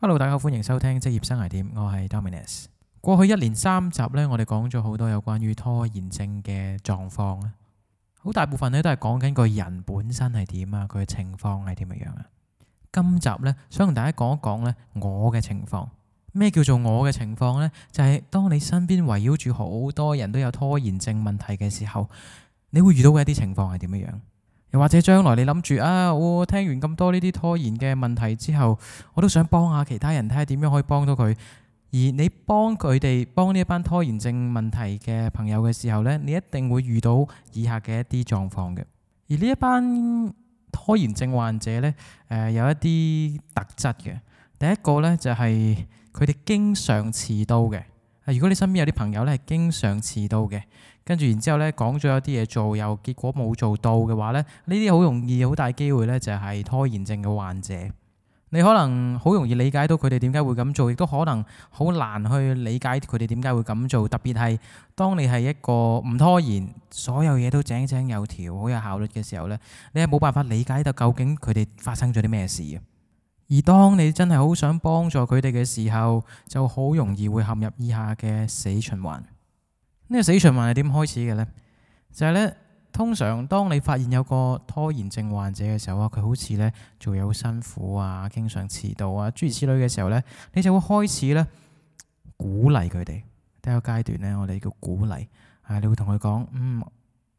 Hello，大家好，歡迎收聽職業生涯點，我係 Dominus。過去一連三集呢，我哋講咗好多有關於拖延症嘅狀況啦，好大部分呢，都係講緊個人本身係點啊，佢嘅情況係點樣啊。今集呢，想同大家講一講呢，我嘅情況，咩叫做我嘅情況呢？就係當你身邊圍繞住好多人都有拖延症問題嘅時候，你會遇到嘅一啲情況係點樣？又或者將來你諗住啊，我、哦、聽完咁多呢啲拖延嘅問題之後，我都想幫下其他人，睇下點樣可以幫到佢。而你幫佢哋幫呢一班拖延症問題嘅朋友嘅時候呢，你一定會遇到以下嘅一啲狀況嘅。而呢一班拖延症患者呢，誒、呃、有一啲特質嘅。第一個呢，就係佢哋經常遲到嘅。如果你身邊有啲朋友呢，係經常遲到嘅。跟住然之後呢，講咗有啲嘢做，又結果冇做到嘅話呢，呢啲好容易、好大機會呢，就係拖延症嘅患者。你可能好容易理解到佢哋點解會咁做，亦都可能好難去理解佢哋點解會咁做。特別係當你係一個唔拖延、所有嘢都井井有條、好有效率嘅時候呢，你係冇辦法理解到究竟佢哋發生咗啲咩事。而當你真係好想幫助佢哋嘅時候，就好容易會陷入以下嘅死循環。呢個死循環係點開始嘅呢？就係呢，通常當你發現有個拖延症患者嘅時候啊，佢好似呢做嘢好辛苦啊，經常遲到啊，諸如此類嘅時候呢，你就會開始呢鼓勵佢哋。第一個階段呢，我哋叫鼓勵啊，你會同佢講：嗯，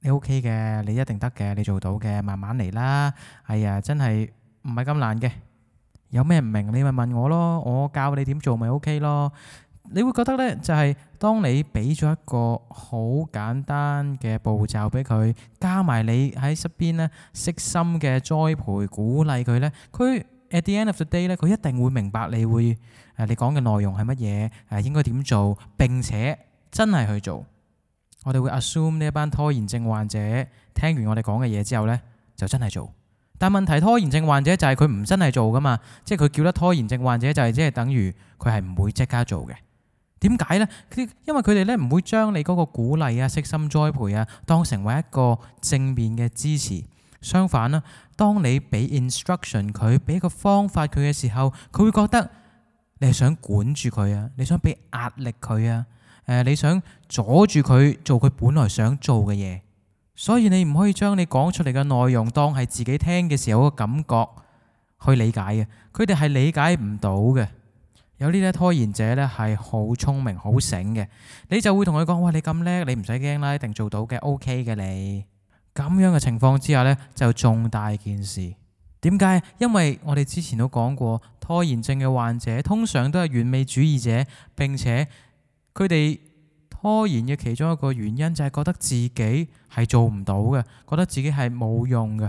你 OK 嘅，你一定得嘅，你做到嘅，慢慢嚟啦。哎呀，真係唔係咁難嘅，有咩唔明你咪問我咯，我教你點做咪 OK 咯。你會覺得呢，就係當你俾咗一個好簡單嘅步驟俾佢，加埋你喺身邊呢悉心嘅栽培鼓勵佢呢，佢 at the end of the day 呢，佢一定會明白你會誒你講嘅內容係乜嘢，誒應該點做並且真係去做。我哋會 assume 呢一班拖延症患者聽完我哋講嘅嘢之後呢就真係做，但問題拖延症患者就係佢唔真係做㗎嘛，即係佢叫得拖延症患者就係即係等於佢係唔會即刻做嘅。點解呢？佢因為佢哋呢唔會將你嗰個鼓勵啊、悉心栽培啊，當成為一個正面嘅支持。相反啦，當你俾 instruction 佢，俾個方法佢嘅時候，佢會覺得你係想管住佢啊，你想俾壓力佢啊，誒你想阻住佢做佢本來想做嘅嘢。所以你唔可以將你講出嚟嘅內容當係自己聽嘅時候嘅感覺去理解嘅，佢哋係理解唔到嘅。有呢啲拖延者咧係好聰明、好醒嘅，你就會同佢講：喂，你咁叻，你唔使驚啦，一定做到嘅，OK 嘅你。咁樣嘅情況之下咧，就重大件事。點解？因為我哋之前都講過，拖延症嘅患者通常都係完美主義者，並且佢哋拖延嘅其中一個原因就係覺得自己係做唔到嘅，覺得自己係冇用嘅。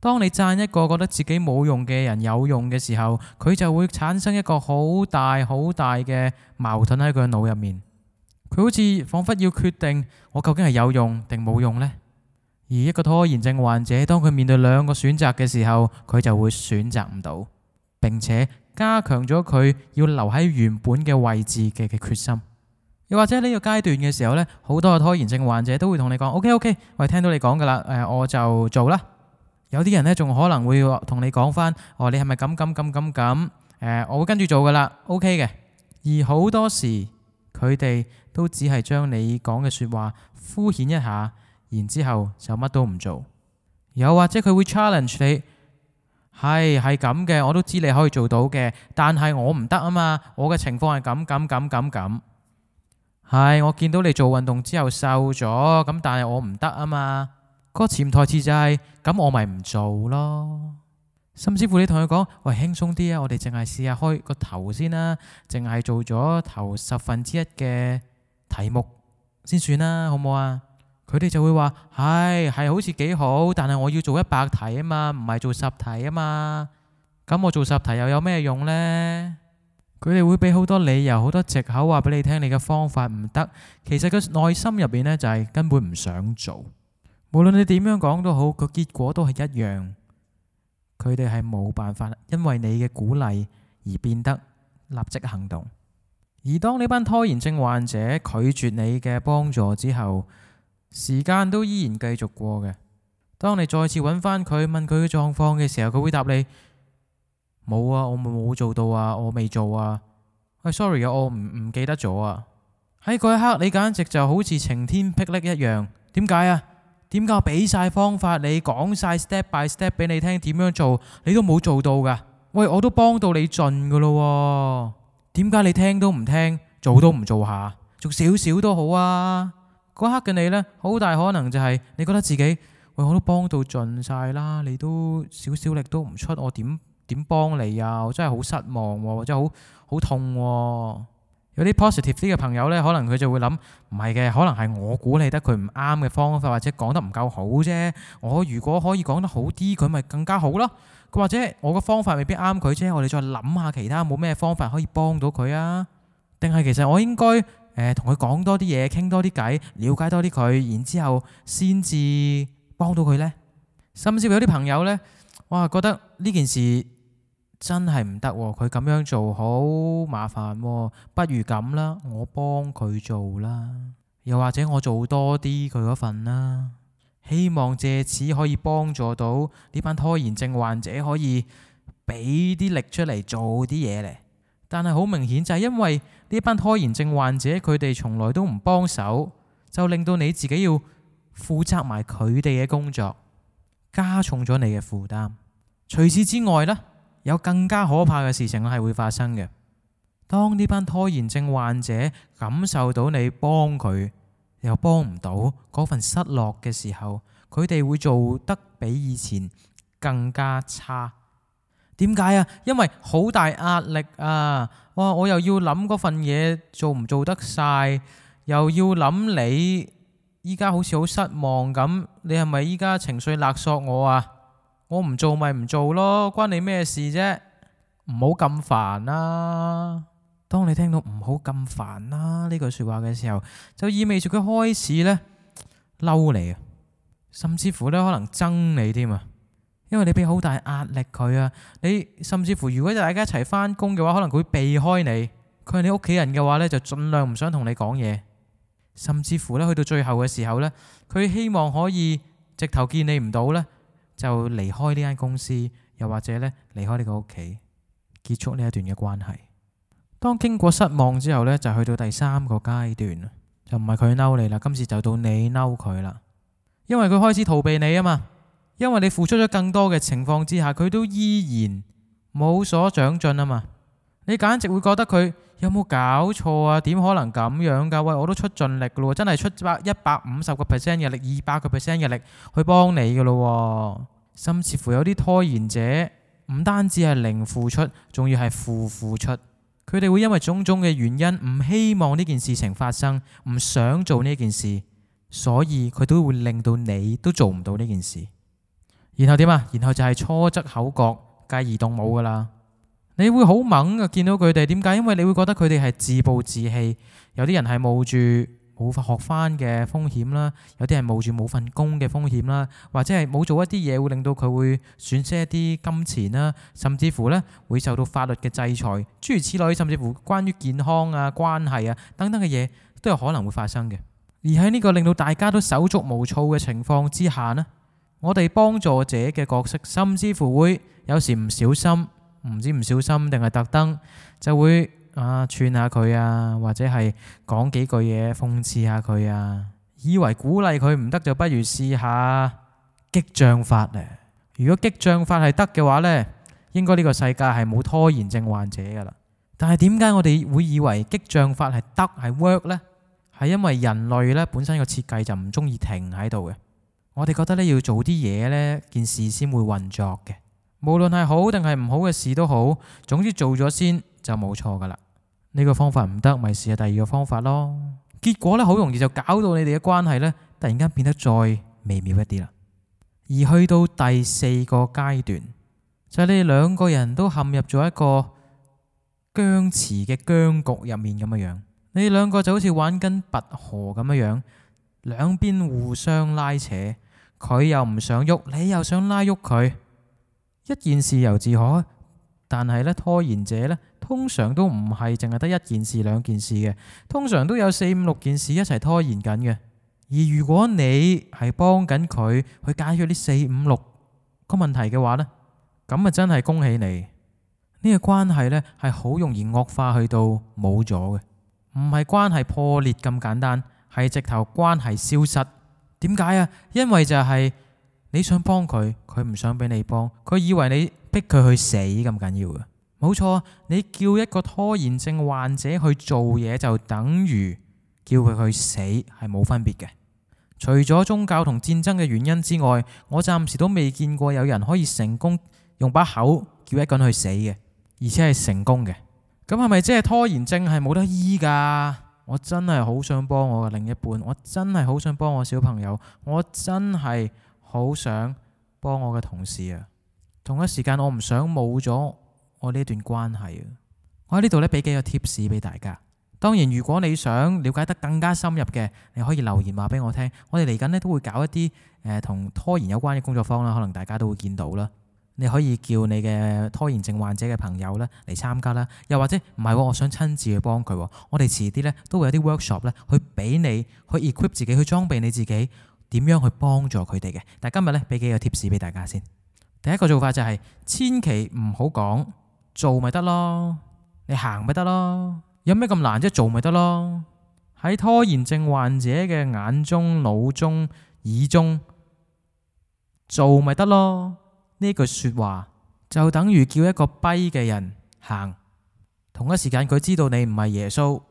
當你讚一個覺得自己冇用嘅人有用嘅時候，佢就會產生一個好大好大嘅矛盾喺佢腦入面。佢好似仿佛要決定，我究竟係有用定冇用呢？而一個拖延症患者，當佢面對兩個選擇嘅時候，佢就會選擇唔到，並且加強咗佢要留喺原本嘅位置嘅嘅決心。又或者呢個階段嘅時候咧，好多嘅拖延症患者都會同你講：OK，OK，我聽到你講噶啦，誒，我就做啦。有啲人呢，仲可能會同你講翻，哦，你係咪咁咁咁咁咁？誒、呃，我會跟住做㗎喇，OK 嘅。而好多時，佢哋都只係將你講嘅説話敷衍一下，然之後就乜都唔做。又或者佢會 challenge 你，係係咁嘅，我都知你可以做到嘅，但係我唔得啊嘛，我嘅情況係咁咁咁咁咁。係、哎，我見到你做運動之後瘦咗，咁但係我唔得啊嘛。個潛台詞就係咁，我咪唔做咯。甚至乎你同佢講，喂，我哋輕鬆啲啊，我哋淨係試下開個頭先啦、啊，淨係做咗頭十分之一嘅題目先算啦、啊，好唔好啊？佢哋就會話：唉、哎，係好似幾好，但係我要做一百題啊嘛，唔係做十題啊嘛。咁我做十題又有咩用呢？佢哋會俾好多理由、好多藉口話俾你聽，你嘅方法唔得。其實個內心入邊呢，就係根本唔想做。無論你點樣講都好，個結果都係一樣。佢哋係冇辦法，因為你嘅鼓勵而變得立即行動。而當呢班拖延症患者拒絕你嘅幫助之後，時間都依然繼續過嘅。當你再次搵返佢問佢嘅狀況嘅時候，佢會答你：冇啊，我冇做到啊，我未做啊。係、哎、sorry 啊，我唔唔記得咗啊。喺、哎、嗰一刻，你簡直就好似晴天霹靂一樣。點解啊？點解我俾晒方法你，你講晒 step by step 俾你聽點樣做，你都冇做到噶？喂，我都幫到你盡噶咯，點解你聽都唔聽，做都唔做下，做少少都好啊？嗰刻嘅你呢，好大可能就係你覺得自己，喂，我都幫到盡晒啦，你都少少力都唔出，我點點幫你啊？我真係好失望，或者好好痛啊。有啲 positive 啲嘅朋友呢，可能佢就會諗唔係嘅，可能係我鼓勵得佢唔啱嘅方法，或者講得唔夠好啫。我如果可以講得好啲，佢咪更加好咯。佢或者我個方法未必啱佢啫。我哋再諗下其他冇咩方法可以幫到佢啊？定係其實我應該誒同佢講多啲嘢，傾多啲偈，了解多啲佢，然之後先至幫到佢呢？甚至有啲朋友呢，哇覺得呢件事～真係唔得，佢咁樣做好麻煩喎，不如咁啦，我幫佢做啦。又或者我做多啲佢嗰份啦，希望借此可以幫助到呢班拖延症患者，可以俾啲力出嚟做啲嘢嚟。但係好明顯就係因為呢班拖延症患者，佢哋從來都唔幫手，就令到你自己要負責埋佢哋嘅工作，加重咗你嘅負擔。除此之外啦。有更加可怕嘅事情係會發生嘅。當呢班拖延症患者感受到你幫佢，又幫唔到嗰份失落嘅時候，佢哋會做得比以前更加差。點解啊？因為好大壓力啊！哇，我又要諗嗰份嘢，做唔做得晒，又要諗你依家好似好失望咁，你係咪依家情緒勒索我啊？我唔做咪唔做咯，關你咩事啫？唔好咁煩啦。當你聽到唔好咁煩啦呢句說話嘅時候，就意味住佢開始呢嬲你，甚至乎呢可能憎你添啊。因為你俾好大壓力佢啊，你甚至乎如果大家一齊翻工嘅話，可能佢會避開你。佢係你屋企人嘅話呢，就盡量唔想同你講嘢。甚至乎呢，去到最後嘅時候呢，佢希望可以直頭見你唔到呢，就離開呢間公司，又或者呢離開呢個屋企，結束呢一段嘅關係。當經過失望之後呢，就去到第三個階段，就唔係佢嬲你啦，今次就到你嬲佢啦，因為佢開始逃避你啊嘛，因為你付出咗更多嘅情況之下，佢都依然冇所長進啊嘛。你簡直會覺得佢有冇搞錯啊？點可能咁樣噶，啊？喂，我都出盡力噶咯，真係出百一百五十個 percent 嘅力，二百個 percent 嘅力去幫你噶咯。甚至乎有啲拖延者，唔單止係零付出，仲要係負付，付出。佢哋會因為種種嘅原因，唔希望呢件事情發生，唔想做呢件事，所以佢都會令到你都做唔到呢件事。然後點啊？然後就係初則口角，繼而動武噶啦。你會好猛嘅，見到佢哋點解？因為你會覺得佢哋係自暴自棄，有啲人係冒住冇學翻嘅風險啦，有啲人冒住冇份工嘅風險啦，或者係冇做一啲嘢，會令到佢會損失一啲金錢啦，甚至乎呢會受到法律嘅制裁。諸如此類，甚至乎關於健康啊、關係啊等等嘅嘢，都有可能會發生嘅。而喺呢個令到大家都手足無措嘅情況之下呢，我哋幫助者嘅角色，甚至乎會有時唔小心。唔知唔小心定係特登，就會啊串下佢啊，或者係講幾句嘢諷刺下佢啊。以為鼓勵佢唔得，就不如試下激將法呢。如果激將法係得嘅話呢，應該呢個世界係冇拖延症患者噶啦。但係點解我哋會以為激將法係得係 work 呢？係因為人類呢本身個設計就唔中意停喺度嘅。我哋覺得呢要做啲嘢呢件事先會運作嘅。無論係好定係唔好嘅事都好，總之做咗先就冇錯噶啦。呢個方法唔得，咪試下第二個方法咯。結果呢，好容易就搞到你哋嘅關係呢，突然間變得再微妙一啲啦。而去到第四個階段，就係你哋兩個人都陷入咗一個僵持嘅僵局入面咁嘅樣，你哋兩個就好似玩緊拔河咁嘅樣，兩邊互相拉扯，佢又唔想喐，你又想拉喐佢。一件事由自可，但係咧拖延者咧，通常都唔係淨係得一件事、兩件事嘅，通常都有四五六件事一齊拖延緊嘅。而如果你係幫緊佢去解決呢四五六個問題嘅話呢，咁啊真係恭喜你。呢個關係呢，係好容易惡化去到冇咗嘅，唔係關係破裂咁簡單，係直頭關係消失。點解啊？因為就係、是。你想幫佢，佢唔想俾你幫，佢以為你逼佢去死咁緊要嘅，冇錯。你叫一個拖延症患者去做嘢，就等於叫佢去死，係冇分別嘅。除咗宗教同戰爭嘅原因之外，我暫時都未見過有人可以成功用把口叫一個人去死嘅，而且係成功嘅。咁係咪即係拖延症係冇得醫噶？我真係好想幫我嘅另一半，我真係好想幫我小朋友，我真係。好想幫我嘅同事啊，同一時間我唔想冇咗我呢段關係啊！我喺呢度咧俾幾個貼士俾大家。當然，如果你想了解得更加深入嘅，你可以留言話俾我聽。我哋嚟緊咧都會搞一啲誒同拖延有關嘅工作坊啦，可能大家都會見到啦。你可以叫你嘅拖延症患者嘅朋友咧嚟參加啦。又或者唔係喎，我想親自去幫佢喎。我哋遲啲咧都會有啲 workshop 咧去俾你去 equip 自己，去裝備你自己。點樣去幫助佢哋嘅？但係今日咧，俾幾個 tips 俾大家先。第一個做法就係千祈唔好講，做咪得咯，你行咪得咯，有咩咁難啫？做咪得咯。喺拖延症患者嘅眼中、腦中、耳中，做咪得咯。呢句說話就等於叫一個跛嘅人行。同一時間，佢知道你唔係耶穌，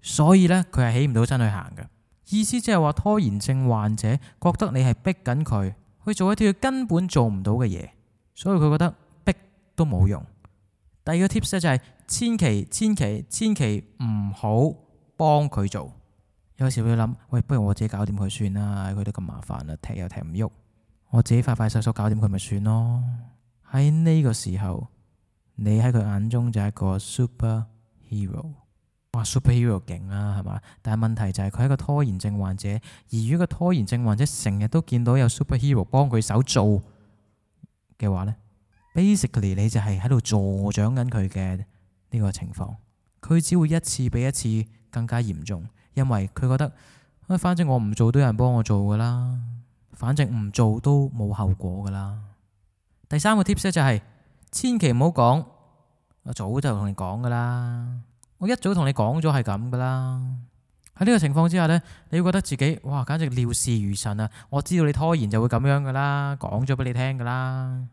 所以呢，佢係起唔到身去行嘅。意思即係話拖延症患者覺得你係逼緊佢去做一啲佢根本做唔到嘅嘢，所以佢覺得逼都冇用。第二個 tips 就係千祈千祈千祈唔好幫佢做。有時會諗，喂，不如我自己搞掂佢算啦，佢都咁麻煩啦，踢又踢唔喐，我自己快快手手搞掂佢咪算咯。喺呢個時候，你喺佢眼中就係個 super hero。哇，Superhero 勁啦，係嘛、啊？但係問題就係佢係一個拖延症患者，而如果個拖延症患者成日都見到有 Superhero 幫佢手做嘅話呢 basically 你就係喺度助長緊佢嘅呢個情況，佢只會一次比一次更加嚴重，因為佢覺得反正我唔做都有人幫我做噶啦，反正唔做都冇後果噶啦。第三個 tips 咧就係、是、千祈唔好講，我早就同你講噶啦。我一早同你講咗係咁噶啦。喺呢個情況之下呢，你會覺得自己哇，簡直料事如神啊！我知道你拖延就會咁樣噶啦講咗俾你聽噶啦。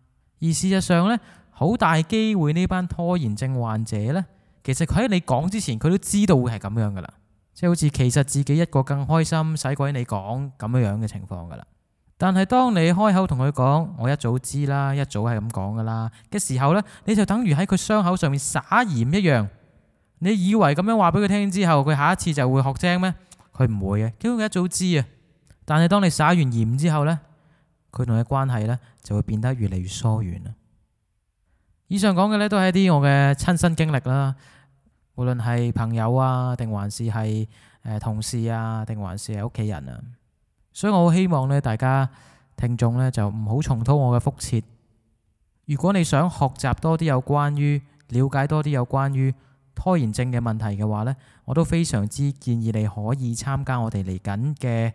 而事實上呢，好大機會呢班拖延症患者呢，其實喺你講之前，佢都知道會係咁樣噶啦，即係好似其實自己一個更開心，使鬼你講咁樣嘅情況噶啦。但係當你開口同佢講我一早知啦，一早係咁講噶啦嘅時候呢，你就等於喺佢傷口上面撒鹽一樣。你以為咁樣話俾佢聽之後，佢下一次就會學精咩？佢唔會嘅，因為佢一早知啊。但係當你撒完鹽之後呢，佢同你關係呢就會變得越嚟越疏遠啦。以上講嘅呢都係一啲我嘅親身經歷啦，無論係朋友啊，定還是係誒同事啊，定還是係屋企人啊。所以我好希望呢，大家聽眾呢就唔好重蹈我嘅覆轍。如果你想學習多啲有關於了解多啲有關於。拖延症嘅問題嘅話呢，我都非常之建議你可以參加我哋嚟緊嘅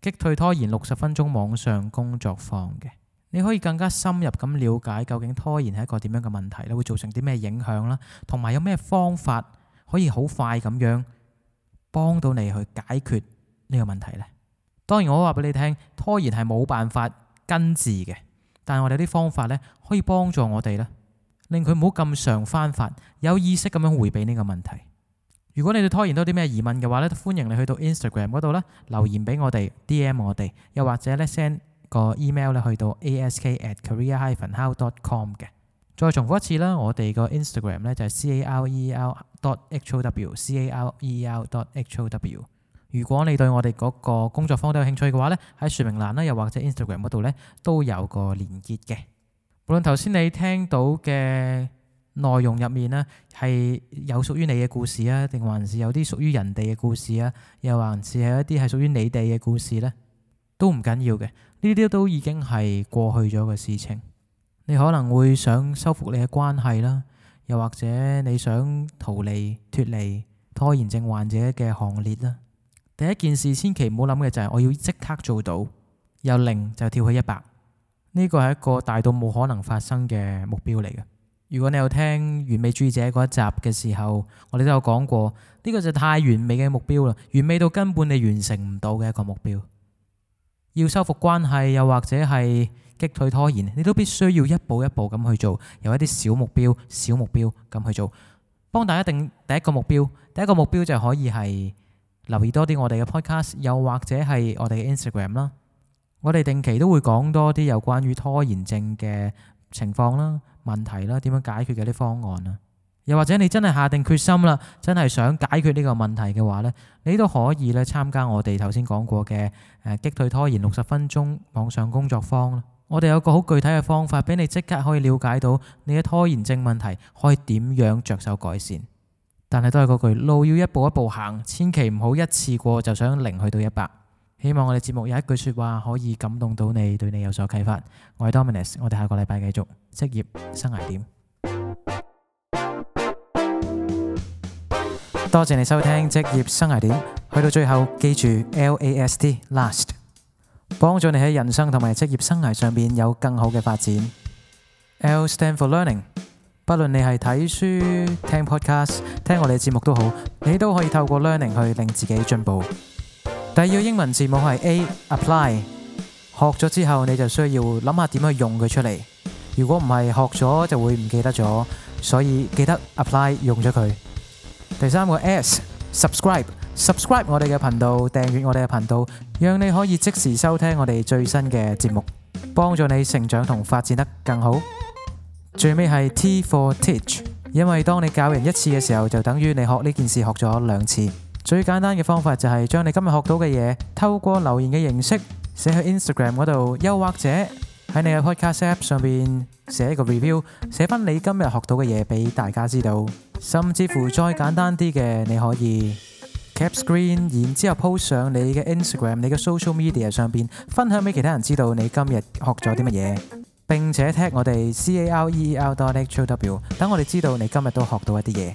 擊退拖延六十分鐘網上工作坊嘅。你可以更加深入咁了解究竟拖延係一個點樣嘅問題呢，會造成啲咩影響啦，同埋有咩方法可以好快咁樣幫到你去解決呢個問題呢。當然，我話俾你聽，拖延係冇辦法根治嘅，但係我哋啲方法呢，可以幫助我哋啦。令佢唔好咁常翻發，有意識咁樣回避呢個問題。如果你哋拖延到啲咩疑問嘅話咧，歡迎你去到 Instagram 嗰度咧留言俾我哋，D M 我哋，又或者咧 send 個 email 咧去到 ask at career hyphen how dot com 嘅。再重複一次啦，我哋個 Instagram 咧就係 career dot how career dot how。如果你對我哋嗰個工作坊都有興趣嘅話咧，喺說明欄啦，又或者 Instagram 嗰度咧都有個連結嘅。無論頭先你聽到嘅內容入面咧，係有屬於你嘅故事啊，定還是有啲屬於人哋嘅故事啊，又還是係一啲係屬於你哋嘅故事咧，都唔緊要嘅。呢啲都已經係過去咗嘅事情。你可能會想修復你嘅關係啦，又或者你想逃離、脫離拖延症患者嘅行列啦。第一件事千祈唔好諗嘅就係我要即刻做到，由零就跳去一百。呢個係一個大到冇可能發生嘅目標嚟嘅。如果你有聽完美主義者嗰一集嘅時候，我哋都有講過，呢個就太完美嘅目標啦，完美到根本你完成唔到嘅一個目標。要修復關係，又或者係擊退拖延，你都必須要一步一步咁去做，由一啲小目標、小目標咁去做。幫大家定第一個目標，第一個目標就可以係留意多啲我哋嘅 Podcast，又或者係我哋嘅 Instagram 啦。我哋定期都會講多啲有關於拖延症嘅情況啦、問題啦，點樣解決嘅啲方案啦。又或者你真係下定決心啦，真係想解決呢個問題嘅話呢，你都可以咧參加我哋頭先講過嘅誒擊退拖延六十分鐘網上工作坊啦。我哋有個好具體嘅方法，俾你即刻可以了解到你嘅拖延症問題可以點樣着手改善。但係都係嗰句，路要一步一步行，千祈唔好一次過就想零去到一百。希望我哋節目有一句說話可以感動到你，對你有所啟發。我係 Dominus，我哋下個禮拜繼續職業生涯點。多謝你收聽職業生涯點，去到最後記住 LAST last，幫助你喺人生同埋職業生涯上邊有更好嘅發展。L stand for learning，不論你係睇書、聽 podcast、聽我哋節目都好，你都可以透過 learning 去令自己進步。第二個英文字母係 A，apply。學咗之後，你就需要諗下點去用佢出嚟。如果唔係學咗就會唔記得咗，所以記得 apply 用咗佢。第三個 S，subscribe，subscribe 我哋嘅頻道，訂閱我哋嘅頻道，讓你可以即時收聽我哋最新嘅節目，幫助你成長同發展得更好。最尾係 T for teach，因為當你教人一次嘅時候，就等於你學呢件事學咗兩次。最簡單嘅方法就係將你今日學到嘅嘢透過留言嘅形式寫去 Instagram 嗰度，又或者喺你嘅 Podcast app 上邊寫一個 review，寫翻你今日學到嘅嘢俾大家知道。甚至乎再簡單啲嘅，你可以 cap screen，然之後 po 上你嘅 Instagram、你嘅 social media 上邊分享俾其他人知道你今日學咗啲乜嘢，並且 tag 我哋 Career dot how，等我哋知道你今日都學到一啲嘢。